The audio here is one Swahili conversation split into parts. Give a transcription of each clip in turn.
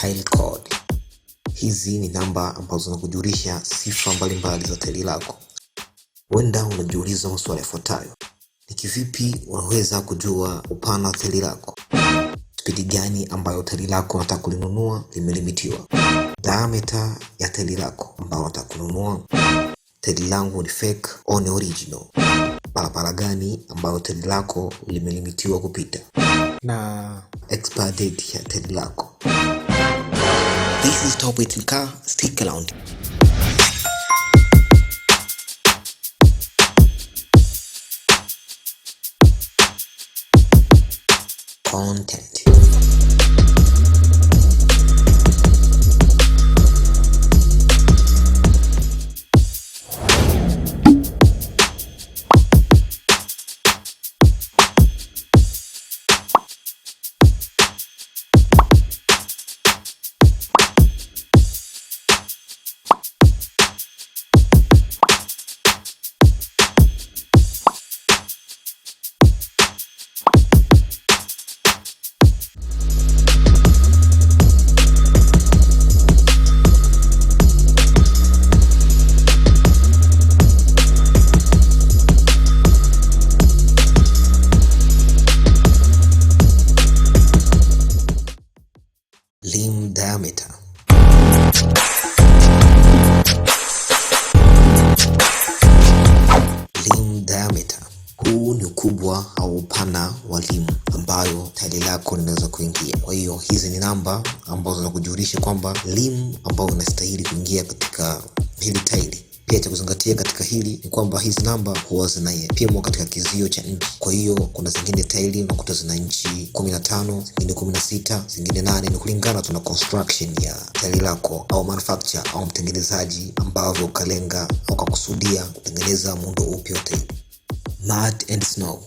tile code. Hizi ni namba ambazo zinakujulisha sifa mbalimbali za teli lako. wenda unajiuliza maswali yafuatayo: ni kivipi unaweza kujua upana wa tairi lako? Spidi gani ambayo teli lako unataka kulinunua limelimitiwa? dameta ya teli lako ambayo unataka kununua? Tairi langu ni fake au ni original? Barabara gani ambayo teli lako limelimitiwa kupita? Na expire date ya tairi lako. This is Top with car Stick around. Content. kuingia. Kwa hiyo hizi ni namba ambazo zinakujulisha kwamba limu ambayo inastahili kuingia katika hili tairi. Pia cha kuzingatia katika hili ni kwamba hizi namba huwa zinapimwa katika kizio cha nchi. Kwa hiyo kuna zingine tairi unakuta zina nchi kumi na tano zingine kumi na sita zingine nane Ni kulingana tu na construction ya tairi lako au manufacture au mtengenezaji ambavyo ukalenga au kakusudia kutengeneza muundo upya wa tairi. Mud and Snow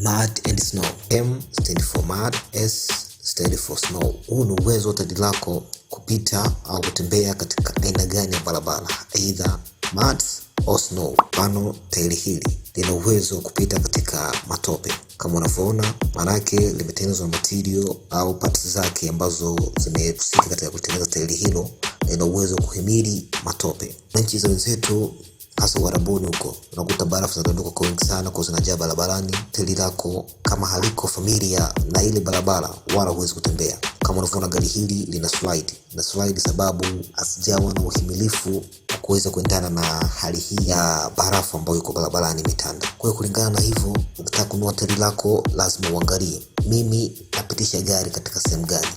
mud and snow. M stand for mud, S stand for snow. Huu ni uwezo wa tadi lako kupita au kutembea katika aina gani ya barabara, either mud au snow. Mfano, tairi hili lina uwezo wa kupita katika matope kama unavyoona, manake limetengenezwa na matirio au pati zake ambazo zimehusika katika kutengeneza tairi hilo, lina uwezo wa kuhimili matope. Nchi za wenzetu hasa Uarabuni huko, unakuta barafu zinadondoka kwa wingi sana, kwa zinajaa barabarani. Teli lako kama haliko familia na ile barabara, wala huwezi kutembea. Kama unavyoona gari hili lina slide na slide, sababu asijawa na uhimilifu wa kuweza kuendana na hali hii ya barafu ambayo iko barabarani imetanda. Kwa hiyo kulingana na hivyo, ukitaka kunua teli lako lazima uangalie, mimi napitisha gari katika sehemu gani?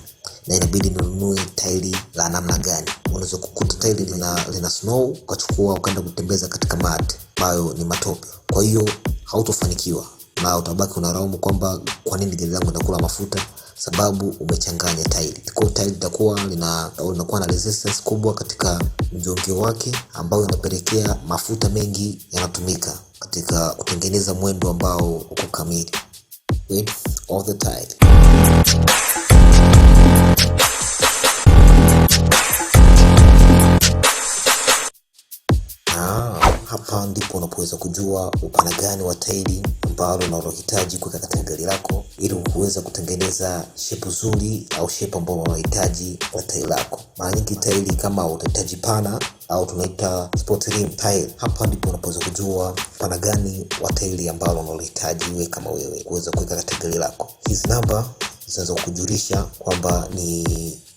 na inabidi nunue tairi la namna gani. Unaweza kukuta tairi lina, lina snow ukachukua ukaenda kutembeza katika mat ambayo ni matope, kwa hiyo hautofanikiwa na utabaki unaraumu kwamba kwa nini gari langu linakula mafuta, sababu umechanganya tairi. Kwa hiyo tairi litakuwa linakuwa na resistance kubwa katika mjongeo wake, ambayo inapelekea mafuta mengi yanatumika katika kutengeneza mwendo ambao uko kamili. Width of the tire. kuweza kujua upana gani wa tairi ambalo unalohitaji kuweka katika gari lako ili kuweza kutengeneza shepu zuri au shepu ambao unahitaji kwa tairi lako. Mara nyingi tairi kama utahitaji pana au tunaita sport rim tire, hapa ndipo unapoweza kujua pana gani wa tairi ambalo unalohitaji wewe kama wewe kuweza kuweka katika gari lako. Hizi namba zinaweza kujulisha kwamba ni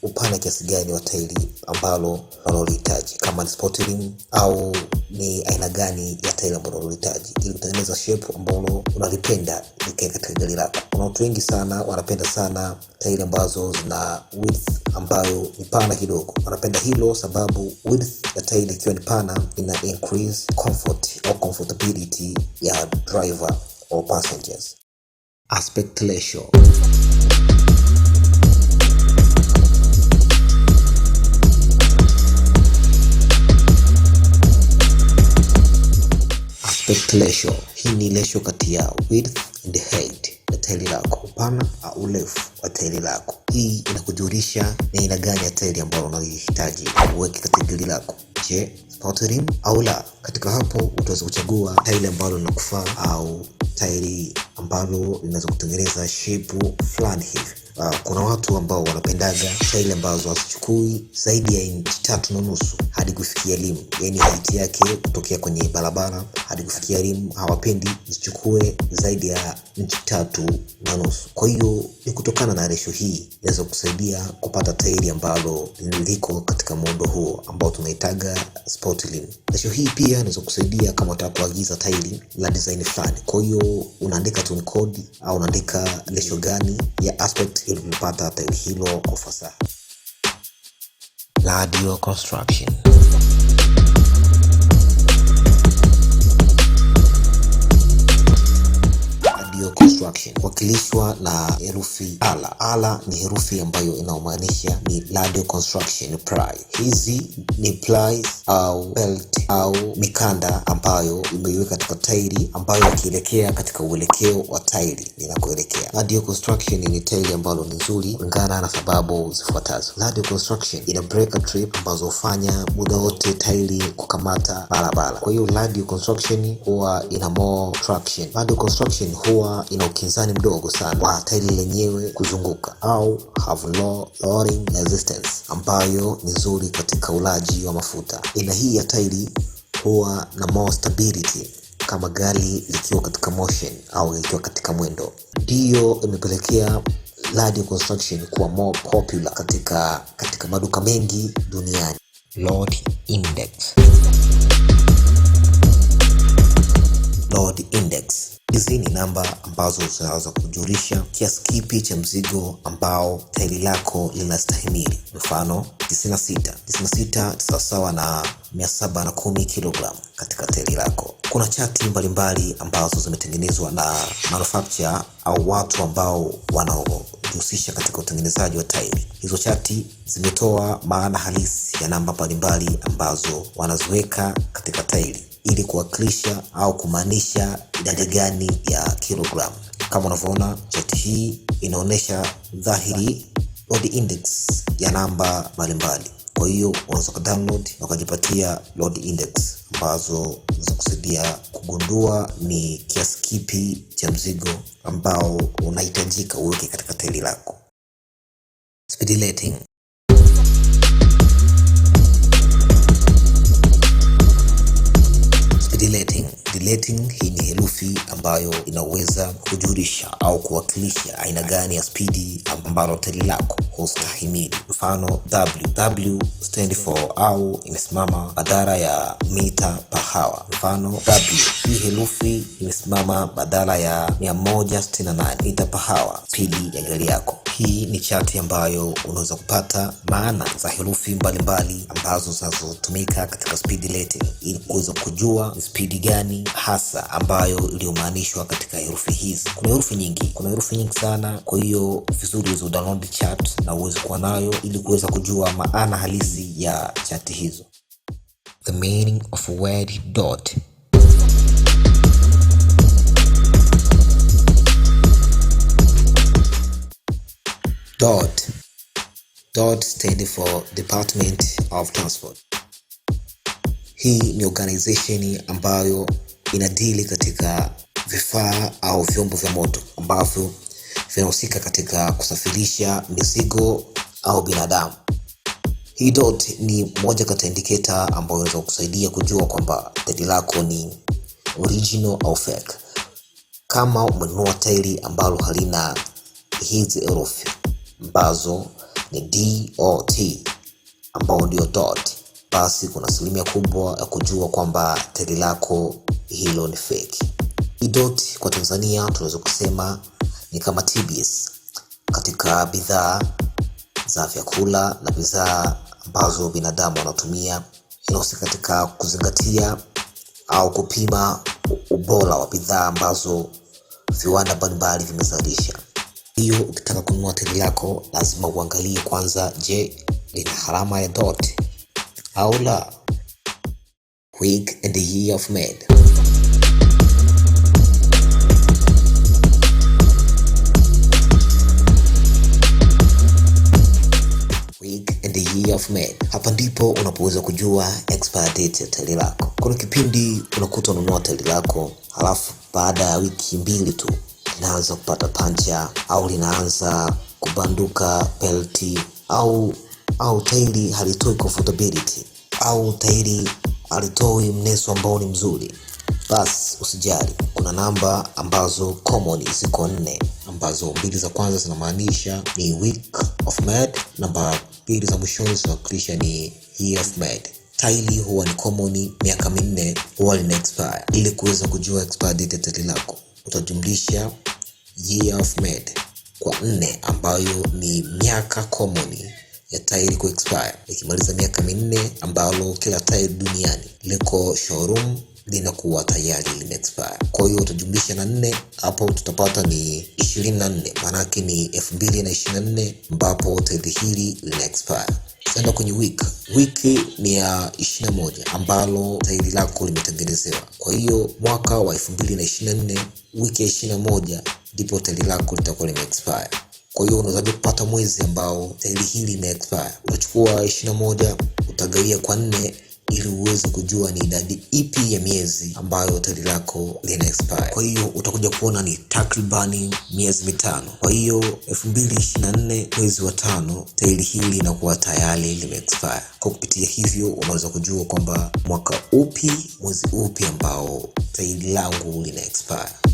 upana kiasi gani wa tairi ambalo unalolihitaji, kama ni sporting au ni aina gani ya tairi ambalo unalolihitaji, ili kutengeneza shape ambalo unalipenda likae katika gari lako. Kuna watu wengi sana wanapenda sana tairi ambazo zina width ambayo ni pana kidogo. Wanapenda hilo sababu width ya tairi ikiwa ni pana ina increase comfort comfortability ya driver or passengers. Aspect ratio Expect ratio. Hii ni ratio kati ya width and height ya tairi lako, upana au urefu wa tairi lako. Hii inakujulisha ni aina gani ya tairi ambayo unaihitaji uweke katika gari lako. Je, sport rim au la? Katika hapo utaweza kuchagua tairi ambalo linakufaa au tairi ambalo linaweza kutengeneza shape fulani hivi. Uh, kuna watu ambao wanapendaga faili ambazo hazichukui zaidi ya inchi tatu na nusu hadi kufikia limu, yani haiti yake kutokea kwenye barabara hadi kufikia limu, hawapendi zichukue zaidi ya nchi tatu na nusu. Kwa hiyo ni kutokana na resho hii inaweza kusaidia kupata tairi ambalo liko katika muundo huo ambao tunahitaga Resho hii pia inaweza kusaidia kama unataka kuagiza tairi la design fulani, kwa hiyo unaandika tu kodi au unaandika resho gani ya aspect ili kupata tawi hilo kwa fasaha. Radio Construction. Audio Construction kuwakilishwa na herufi ala. Ala ni herufi ambayo inaomaanisha ni radio construction ply. Hizi ni plies au belt au mikanda ambayo imeiweka katika tairi ambayo ikielekea katika uelekeo wa tairi linakoelekea. Radio construction ni tairi ambalo ni nzuri kulingana na sababu zifuatazo. Radio construction ina breaker trip ambazo hufanya muda wote tairi kukamata barabara. Kwa hiyo radio construction huwa ina more traction. Radio construction huwa ina ukinzani mdogo sana wa tairi lenyewe kuzunguka au have low rolling resistance, ambayo ni nzuri katika ulaji wa mafuta. Aina hii ya tairi huwa na more stability kama gari likiwa katika motion au likiwa katika mwendo. Ndiyo imepelekea Ladi Construction kuwa more popular katika katika maduka mengi duniani. Load Index. Load Index Hizi ni namba ambazo zinaweza kujulisha kiasi kipi cha mzigo ambao tairi lako linastahimili. Mfano, 96. 96 sawasawa na 710 kg katika tairi lako. Kuna chati mbalimbali ambazo zimetengenezwa na manufacture au watu ambao wanaojihusisha katika utengenezaji wa tairi. Hizo chati zimetoa maana halisi ya namba mbalimbali ambazo wanaziweka katika tairi ili kuwakilisha au kumaanisha idadi gani ya kilogramu. Kama unavyoona chati hii inaonyesha dhahiri body index ya namba mbalimbali. Kwa hiyo unaweza kudownload na ukajipatia load index ambazo zinakusaidia kugundua ni kiasi kipi cha mzigo ambao unahitajika uweke katika teli lako. Speed rating. Deleting. Deleting hii ni herufi ambayo inaweza kujurisha au kuwakilisha aina gani ya spidi ambalo teli lako hustahimili. Mfano, w stand for au imesimama badala ya mita per hour. Mfano, w hii herufi imesimama badala ya 168 mita per hour, spidi ya gari yako. Hii ni chati ambayo unaweza kupata maana za herufi mbalimbali ambazo zinazotumika katika speed rating ili kuweza kujua spidi gani hasa ambayo iliyomaanishwa katika herufi hizi. Kuna herufi nyingi, kuna herufi nyingi sana, kwa hiyo vizuri uweze download chat na uweze kuwa nayo ili kuweza kujua maana halisi ya chati hizo. The meaning of word dot DOT. DOT stands for Department of Transport. Hii ni organization ambayo inadili katika vifaa au vyombo vya moto ambavyo vinahusika katika kusafirisha mizigo au binadamu. Hii DOT ni moja kati ya indicator ambayo inaweza kukusaidia kujua kwamba tairi lako ni original au fake. Kama umenunua tairi ambalo halina hizi herufi ambazo ni DOT ambao ndio dot, basi kuna asilimia kubwa ya kujua kwamba teli lako hilo ni fake. Hii dot kwa Tanzania tunaweza kusema ni kama TBS katika bidhaa za vyakula na bidhaa ambazo binadamu wanatumia. Inahusika katika kuzingatia au kupima ubora wa bidhaa ambazo viwanda mbalimbali vimezalisha hiyo ukitaka kununua teli lako lazima uangalie kwanza, je, lina harama ya dot au la. quick and year of Med Hapa ndipo unapoweza kujua expire date ya teli lako. Kuna kipindi unakuta unanunua teli lako halafu baada ya wiki mbili tu linaanza kupata pancha au linaanza kubanduka pelti au, au tairi halitoi comfortability au tairi halitoi mneso ambao ni mzuri, basi usijali. Kuna namba ambazo common ziko nne, ambazo mbili za kwanza zinamaanisha ni week of med namba mbili za mwishoni zinawakilisha ni year of med Tairi huwa ni common, miaka minne huwa lina expire. Ili kuweza kujua expire date ya tairi lako utajumlisha Year of kwa nne ambayo ni miaka common ya tairi kuexpire, ikimaliza miaka minne ambalo kila tairi duniani liko showroom linakuwa tayari limeexpire. Kwa hiyo utajumlisha na nne hapo, tutapata ni 24, maanake ni 2024 ambapo tairi hili lina expire. Tutaenda kwenye wik Wiki ni ya 21 ambalo tairi lako limetengenezewa. Kwa hiyo mwaka wa 2024 wiki ya 21 ndipo teli lako litakuwa lime Kwa hiyo unawezaje kupata mwezi ambao teli hili lime Utachukua ishirini na moja utagawia kwa nne ili uweze kujua ni idadi ipi ya miezi ambayo teli lako lina expire. Kwa hiyo utakuja kuona ni takribani miezi mitano. Kwa hiyo 2024 mwezi wa tano teli hili linakuwa tayari lime expire. Kwa kupitia hivyo, unaweza kujua kwamba mwaka upi, mwezi upi ambao teli langu lina expire.